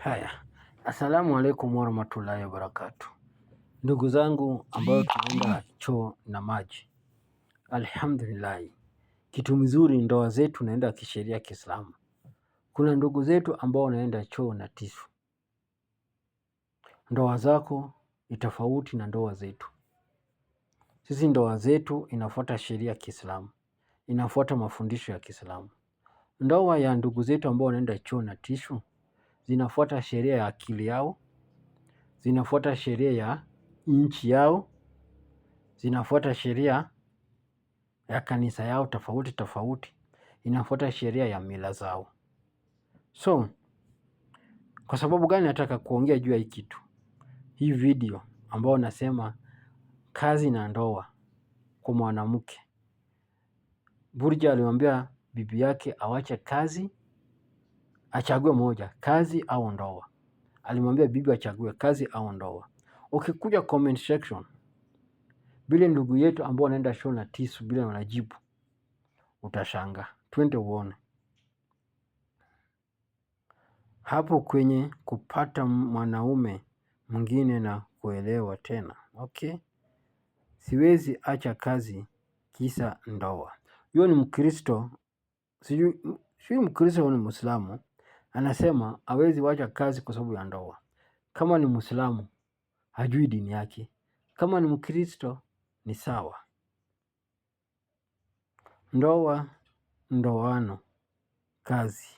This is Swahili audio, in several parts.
Haya, assalamu alaikum warahmatullahi wabarakatu, ndugu zangu ambayo tunaenda choo na maji. Alhamdulillah, kitu mzuri, ndoa zetu naenda kisheria Kiislamu. Kuna ndugu zetu ambao wanaenda choo na tisu. Ndoa zako ni tofauti na ndoa zetu sisi. Ndoa zetu inafuata sheria ya Kiislamu, inafuata mafundisho ya Kiislamu. Ndoa ya ndugu zetu ambao wanaenda choo na tishu zinafuata sheria ya akili yao, zinafuata sheria ya nchi yao, zinafuata sheria ya kanisa yao tofauti tofauti, inafuata sheria ya mila zao. So kwa sababu gani nataka kuongea juu ya hii kitu, hii video ambayo nasema kazi na ndoa kwa mwanamke. Burja alimwambia bibi yake awache kazi achague moja, kazi au ndoa. Alimwambia bibi achague kazi au ndoa. Ukikuja comment section, bila ndugu yetu ambao wanaenda show na tisu bila wanajibu, utashangaa. Twende uone hapo kwenye kupata mwanaume mwingine na kuelewa tena. Okay, siwezi acha kazi kisa ndoa. Huyo ni Mkristo sijui, sijui Mkristo au ni Muislamu. Anasema hawezi wacha kazi kwa sababu ya ndoa. Kama ni Muislamu hajui dini yake, kama ni Mkristo ni sawa. Ndoa, ndoano, kazi.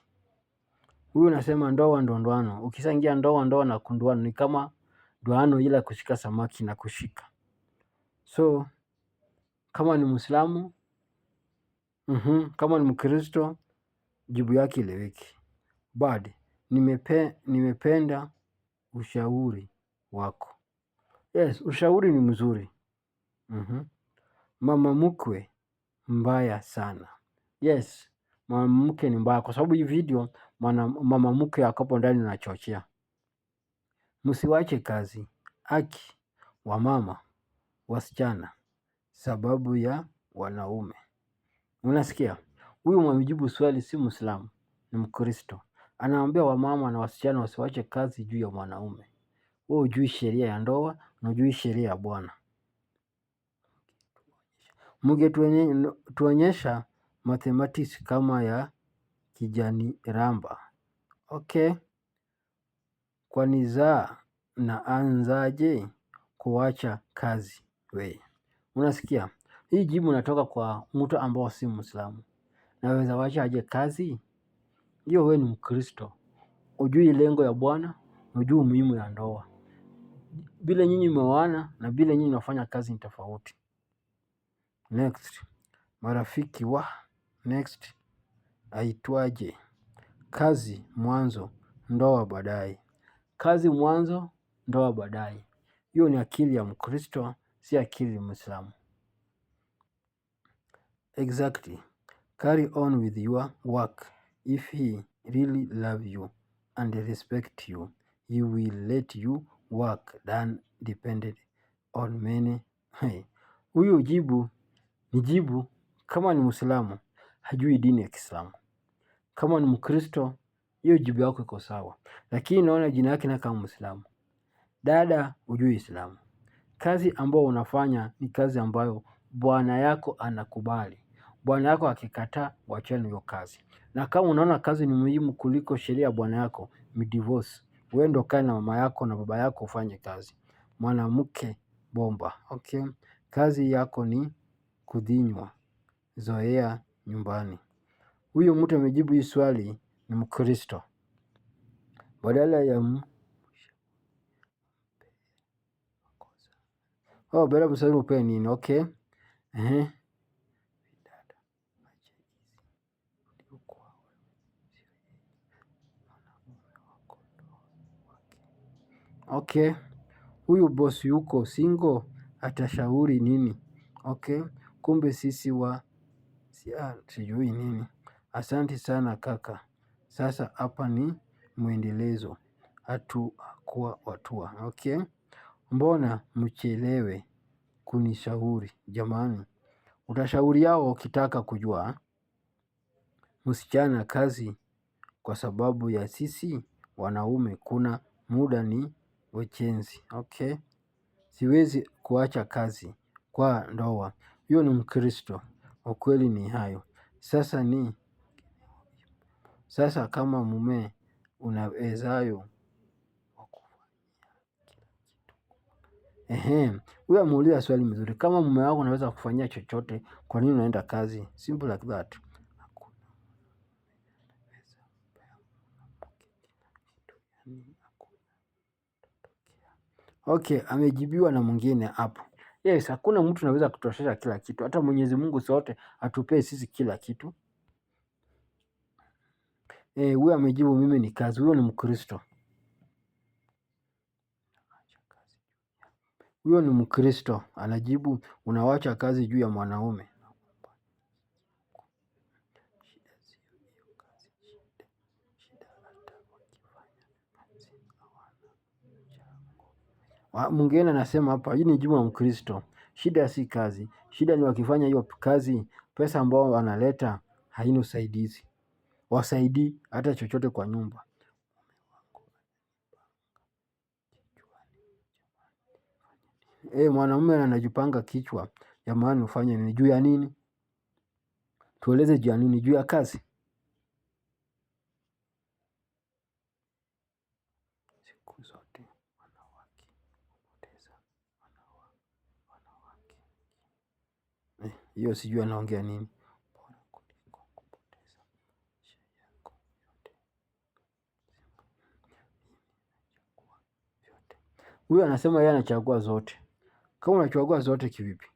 Huyu anasema ndoa ndo ndoano. Ukishaingia ndoa ndoa na kunduano ni kama ndoano ila kushika samaki na kushika. So kama ni Muislamu, mhm, kama ni Mkristo, jibu yake ileweki. Bado nimependa ushauri wako. Yes, ushauri ni mzuri. Mhm. Mama mkwe mbaya sana. Yes, mama mke ni mbaya kwa sababu hii video mama mke akapo ndani anachochea. Msiwache kazi haki mama wasichana sababu ya wanaume. Unasikia? Huyu mwamjibu swali si muislamu ni mkristo. Anawaambia wamama na wasichana wasiwache kazi juu ya mwanaume. Wewe ujui sheria ya ndoa na hujui sheria ya Bwana. Mngetuonyesha mathematics kama ya kijani ramba. Okay, kwani zaa na anzaje kuwacha kazi we? Unasikia hii jibu natoka kwa mtu ambao si Muislamu, naweza wacha aje kazi? hiyo wewe ni Mkristo, ujui lengo ya Bwana na ujui umuhimu ya ndoa. Vile nyinyi mmeoana na vile nyinyi mnafanya kazi ni tofauti. Next, marafiki wa next aitwaje? Kazi mwanzo, ndoa baadaye. Kazi mwanzo, ndoa baadaye. Hiyo ni akili ya Mkristo, si akili ya Muislamu. Exactly, carry on with your work. If he really loves you and respect you, he will let you work than depended on many. Huyu jibu ni jibu kama ni Muislamu hajui dini ya Kiislamu. Kama ni Mkristo, hiyo jibu yako iko sawa, lakini naona jina yake na kama Muislamu, dada, hujui Islamu. Kazi ambayo unafanya ni kazi ambayo bwana yako anakubali. Bwana yako akikataa, wacheni hiyo kazi. Na kama unaona kazi ni muhimu kuliko sheria ya bwana yako, mdivorce. Wewe kaa na mama yako na baba yako ufanye kazi. Mwanamke bomba. Okay. Kazi yako ni kudhinywa. Zoea nyumbani. Huyu mtu amejibu hii swali ni Mkristo. Badala ya m Oh, badala ya msalimu nini? Okay. uh-huh. okay, huyu boss yuko single atashauri nini? Okay, kumbe sisi wa sijui nini. asante sana kaka. Sasa hapa ni mwendelezo hatua kwa hatua. Okay, mbona mchelewe kunishauri jamani? Utashauri yao ukitaka kujua msichana kazi, kwa sababu ya sisi wanaume kuna muda ni ujenzi. Okay. Siwezi kuacha kazi kwa ndoa. Huyo ni mkristo. Ukweli ni hayo. Sasa ni sasa kama mume unawezayo Ehem, huyo ameuliza swali mzuri. Kama mume wako unaweza kufanyia chochote, kwa nini unaenda kazi? Simple like that. Okay, amejibiwa na mwingine hapo. Yes, hakuna mtu anaweza kutoshesha kila kitu. Hata Mwenyezi Mungu sote atupee sisi kila kitu. Eh, huyo amejibu mimi ni kazi. Huyo ni Mkristo, huyo ni Mkristo anajibu unawacha kazi juu ya mwanaume. Ah, Mwingine anasema hapa, hii ni Juma Mkristo, shida si kazi, shida ni wakifanya hiyo kazi, pesa ambao wanaleta haina usaidizi, wasaidii hata chochote kwa nyumba. E, eh, mwanamume anajipanga kichwa, jamani, ufanye nini? Juu ya nini? Tueleze juu ya nini? Juu ya kazi siku zote. Hiyo sijui anaongea nini. Huyo anasema yeye anachagua zote. Kama unachagua zote kivipi?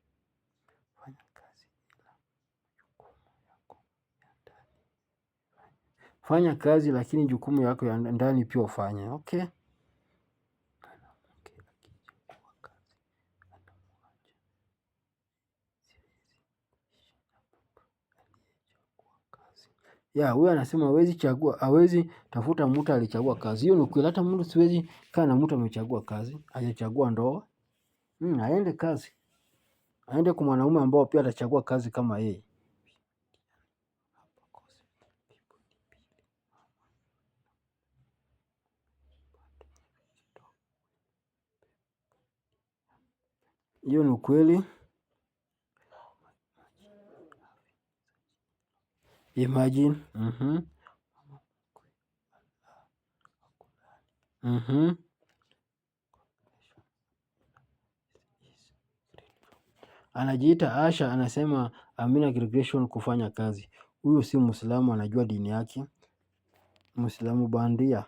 Fanya kazi lakini jukumu yako ya ndani pia ufanye. Okay. ya huyo anasema hawezi chagua, hawezi tafuta mtu alichagua kazi. Hiyo ni kweli, hata mtu siwezi kaa na mtu amechagua kazi, hajachagua ndoa. Mm, aende kazi, aende kwa mwanaume ambao pia atachagua kazi kama yeye. Hiyo ni kweli Imagine. Mhm. Mhm. Anajiita Asha, anasema Amina Gregation kufanya kazi. Huyu si Muislamu, anajua dini yake. Muislamu bandia.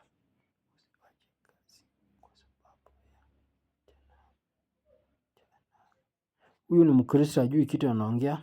Huyu ni Mkristo, ajui kitu anaongea.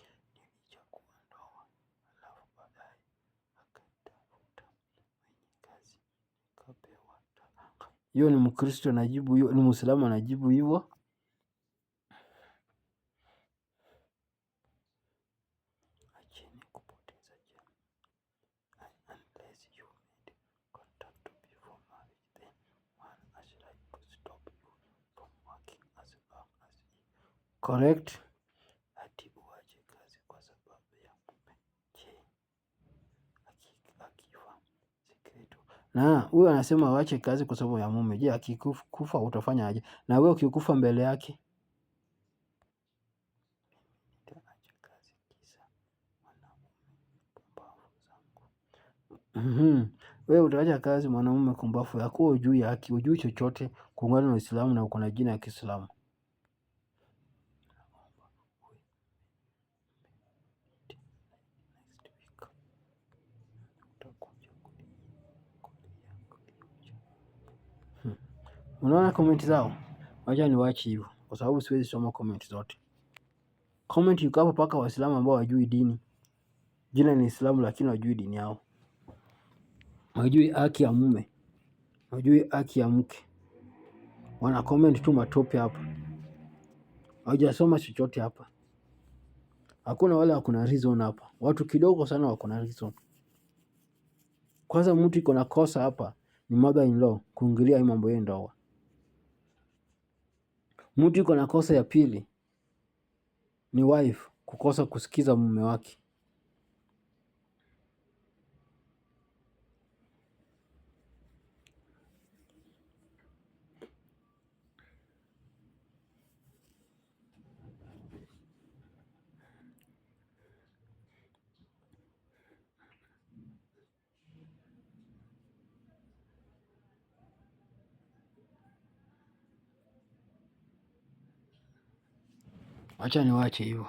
hiyo ni Mkristo anajibu hiyo, ni Muislamu anajibu hivyo. Correct. na huyo anasema waache kazi kwa sababu ya mume. Je, akikufa utafanya aje? Na wewe ukikufa mbele yake Mm -hmm. Wewe utaacha kazi mwanamume kumbafu yakuwa ujui haki, ujui chochote kuungana na Uislamu na uko na jina ya Kiislamu. Unaona comment zao? Wacha niwaache hivyo kwa sababu siwezi soma comment zote. Comment yuko hapo paka Waislamu ambao wajui dini. Jina ni Islamu lakini wajui dini yao. Wajui haki ya mume. Wajui haki ya mke. Wana comment tu matope hapa. Hawajasoma chochote hapa. Hakuna wale wako na reason hapa. Watu kidogo sana wako na reason. Kwanza mtu iko na kosa hapa ni mother in law kuingilia hii mambo ya ndoa. Mtu yuko na kosa ya pili ni wife kukosa kusikiza mume wake. 我叫里我也吃油。